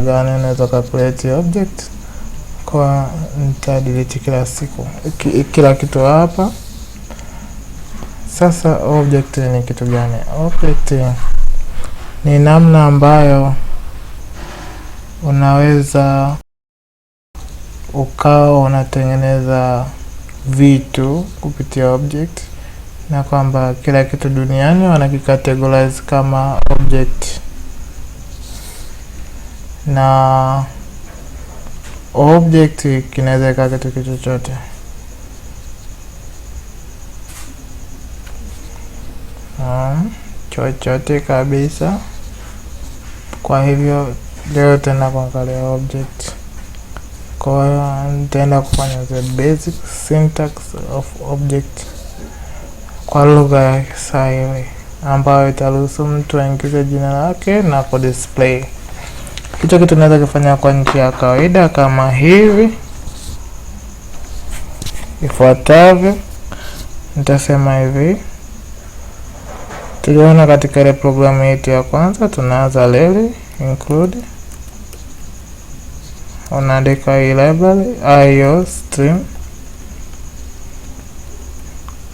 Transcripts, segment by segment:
gani unaweza kucreate object kwa nita delete kila siku Ki, kila kitu hapa. Sasa object ni kitu gani? Object ni namna ambayo unaweza ukawa unatengeneza vitu kupitia object, na kwamba kila kitu duniani wanakikategorize kama object na object kinaweza ikaa kitu chochote hmm, chochote kabisa. Kwa hivyo leo tena kuangalia object, kwa hiyo nitaenda kufanya the basic syntax of object kwa lugha ya Kiswahili ambayo itaruhusu mtu aingize jina lake na ku display Hicho kitu naweza kufanya kwa njia ya kawaida kama hivi ifuatavyo. Nitasema hivi, tuliona katika ile programu yetu ya kwanza, tunaanza leli include, unaandika hii library io stream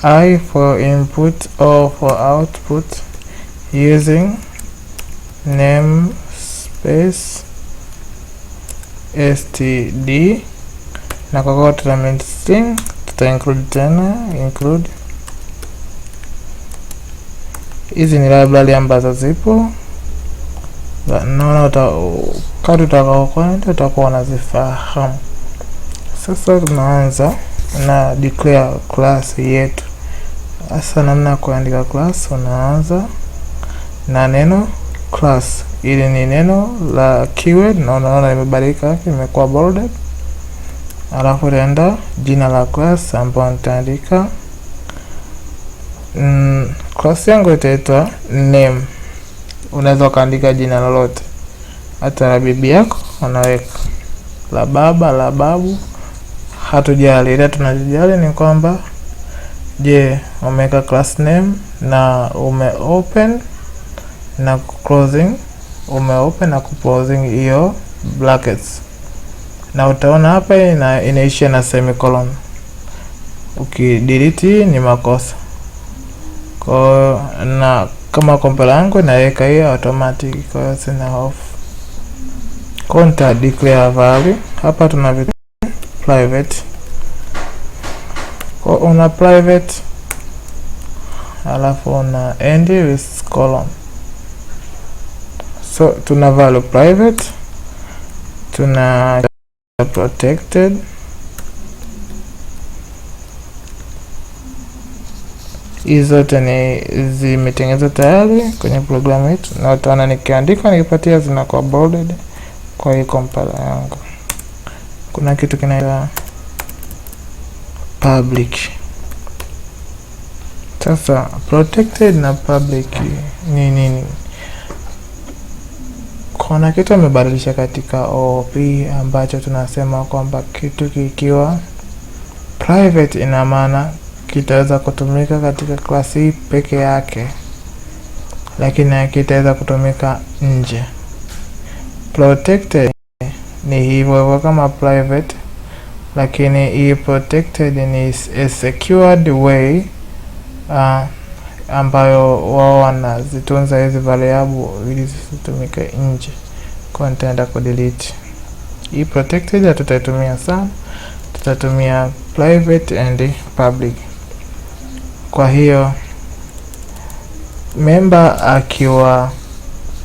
i for input or for output using name space std, na kwa kuwa tuna string tuta include tena include. Hizi ni library ambazo zipo naona kati utakaokwenda utakuwa unazifahamu. Sasa tunaanza na declare class yetu. Sasa namna ya kuandika class, unaanza na neno class Hili ni neno la keyword na unaona imebadilika, imekuwa bolded. Alafu utaenda jina la class ambayo nitaandika mm, class yangu itaitwa name. Unaweza ukaandika jina lolote, hata la bibi yako unaweka la baba, la babu, hatujali. Ile tunajali ni kwamba, je, umeweka class name na ume open na closing umeopen na kuclosing hiyo brackets, na utaona hapa ina, inaishia na semicolon. Ukidelete ni makosa kwa na kama kompela yangu inaweka hiyo automatic, kwa hiyo sina hofu. Kwa nita declare value hapa, tuna private kwa una private alafu una end with column so tuna value private, tuna protected hizi zote ni zimetengenezwa tayari kwenye programu yetu, na utaona nikiandika nikipatia zinakuwa bolded kwa hii compiler yangu. Kuna kitu kinaitwa public. Sasa protected na public ni nini? Kuna kitu amebadilisha katika OOP ambacho tunasema kwamba kitu kikiwa private, ina maana kitaweza kutumika katika klasi hii peke yake, lakini akitaweza kutumika nje. Protected ni hivyo hivyo kama private, lakini hii protected ni a secured way uh, ambayo wao wanazitunza hizi variable ili zisitumike nje. Kwa nitaenda ku delete hii protected, hatutaitumia sana, tutatumia private and public. Kwa hiyo member akiwa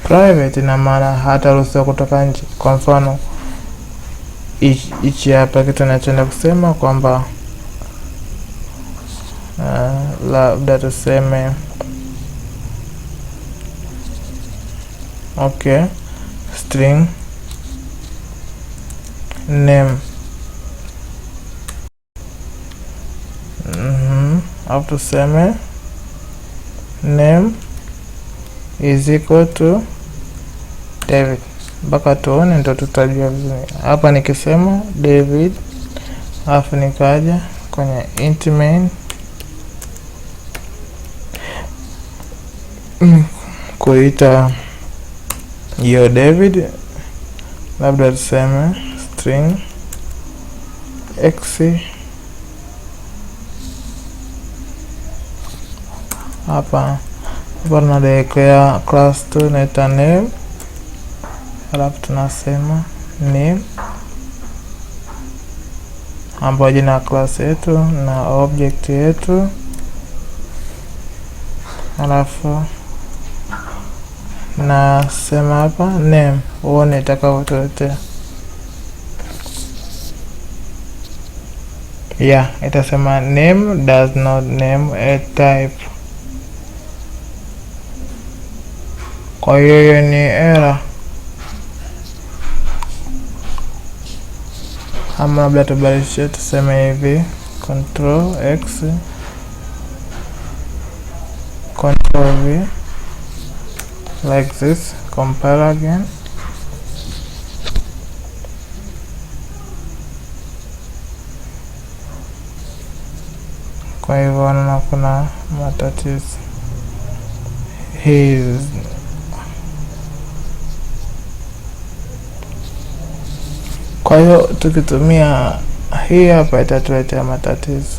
private, na maana hataruhusiwa kutoka nje. Kwa mfano hichi hapa kitu nachoenda kusema kwamba labda tuseme okay, string name mm -hmm. Au tuseme name is equal to David mpaka tuone, ndo tutajua vizuri. Hapa nikisema David alafu nikaja kwenye int main kuita hiyo David, labda tuseme string x hapa hapa tunadekea class tu naita name, alafu tunasema name ambayo jina ya class yetu na object yetu, alafu na sema hapa name, uone itakavyotuletea. Yeah, itasema name does not name a type. Kwa hiyo hiyo ni era ama labda tubarishie tuseme hivi control x control v like this compare again kwa hivyo naona kuna matatizo his kwa hiyo tukitumia hii hapa itatuletea matatizo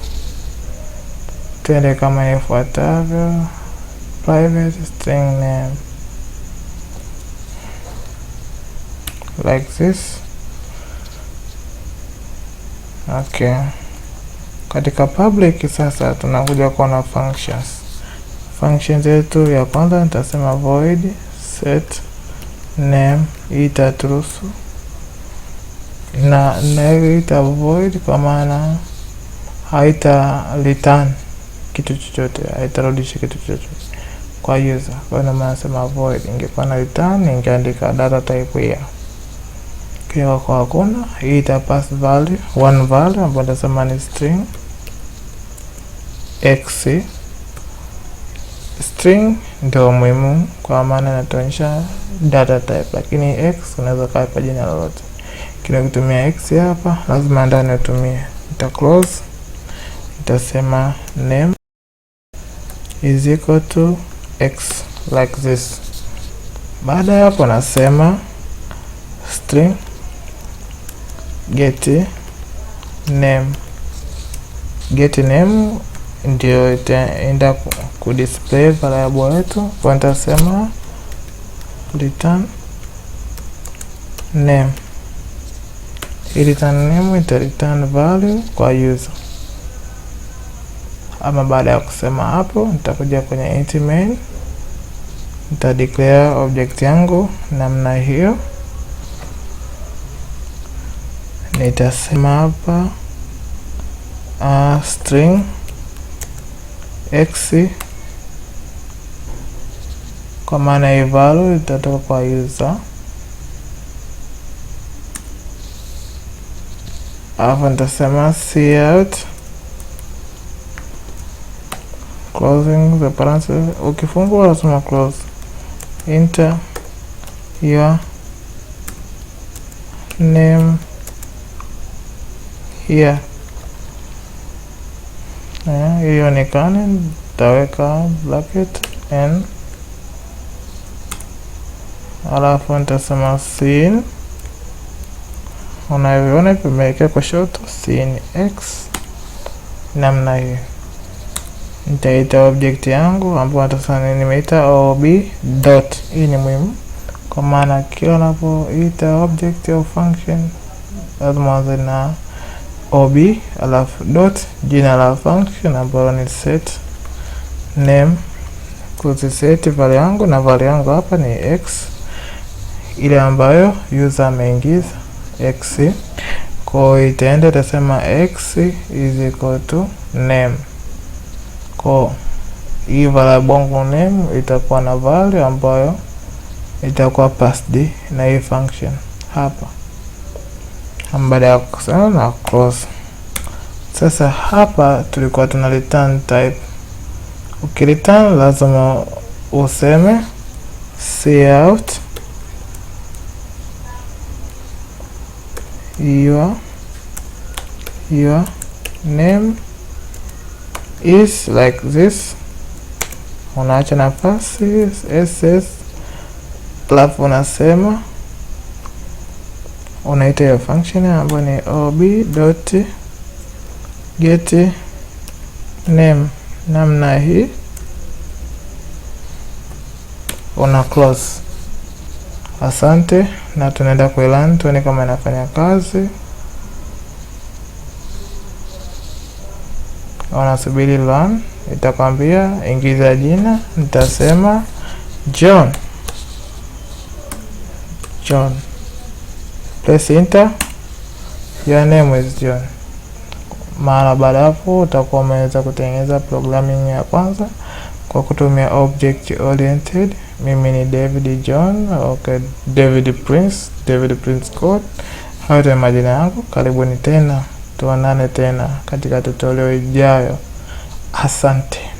tuende kama ifuatavyo private string name like this. Okay, katika public sasa tunakuja kuona functions. functions yetu ya kwanza nitasema void set name, ita trusu na na ita void kwa maana haita return kitu chochote, haitarudisha kitu chochote kwa user. Kwa hiyo maana nasema void, ingekuwa na return, ingeandika data type here kiwa wako hakuna hii ita pass value one value ambayo nasema ni string x. String ndio muhimu kwa maana inatuonyesha data type, lakini x unaweza kaweka jina lolote. Kile kutumia x hapa lazima ndani utumie, Ita close, itasema name is equal to x like this. Baada ya hapo nasema string get name. Get name ndio itaenda kudisplay variable yetu, kwa nitasema return name, return name ita return value kwa user. Ama baada ya kusema hapo, nitakuja kwenye int main nita declare object yangu namna hiyo. nitasema hapa uh, string x kwa maana hii value itatoka kwa user, alafu nitasema cout closing the parenthesis, ukifungua lazima close, enter your name yeah eh, ionekane nitaweka bracket n alafu nitasema sin unavyoona pemewekea kushoto sin x namna hiyo. Nitaita object yangu ambayo atasana nimeita ob dot. Hii ni muhimu kwa maana kila unapoita object au function lazima anze na ob, alafu dot jina la function ambalo ni set name kuziseti vali yangu na vali yangu hapa ni x ile ambayo user ameingiza x. ko itaenda itasema x is equal to name. ko hii variable name itakuwa na value ambayo itakuwa passed na hii function hapa baada ya kukusanya na cross. Sasa hapa tulikuwa tuna return type. Ukireturn lazima useme cout your your name is like this, unaacha nafasi ss, alafu unasema unaita hiyo function ambayo ni ob name namna hii, una close. Asante, na tunaenda kuilan, tuone kama inafanya kazi. Wanasubiri lan, itakwambia ingiza jina, nitasema John John press enter, your name is John. Mara baada hapo utakuwa umeweza kutengeneza programming ya kwanza kwa kutumia object oriented. Mimi ni David John, okay, David Prince, David Prince Code. Hayo ndio majina yangu. Karibuni tena, tuonane tena katika tutorial ijayo. Asante.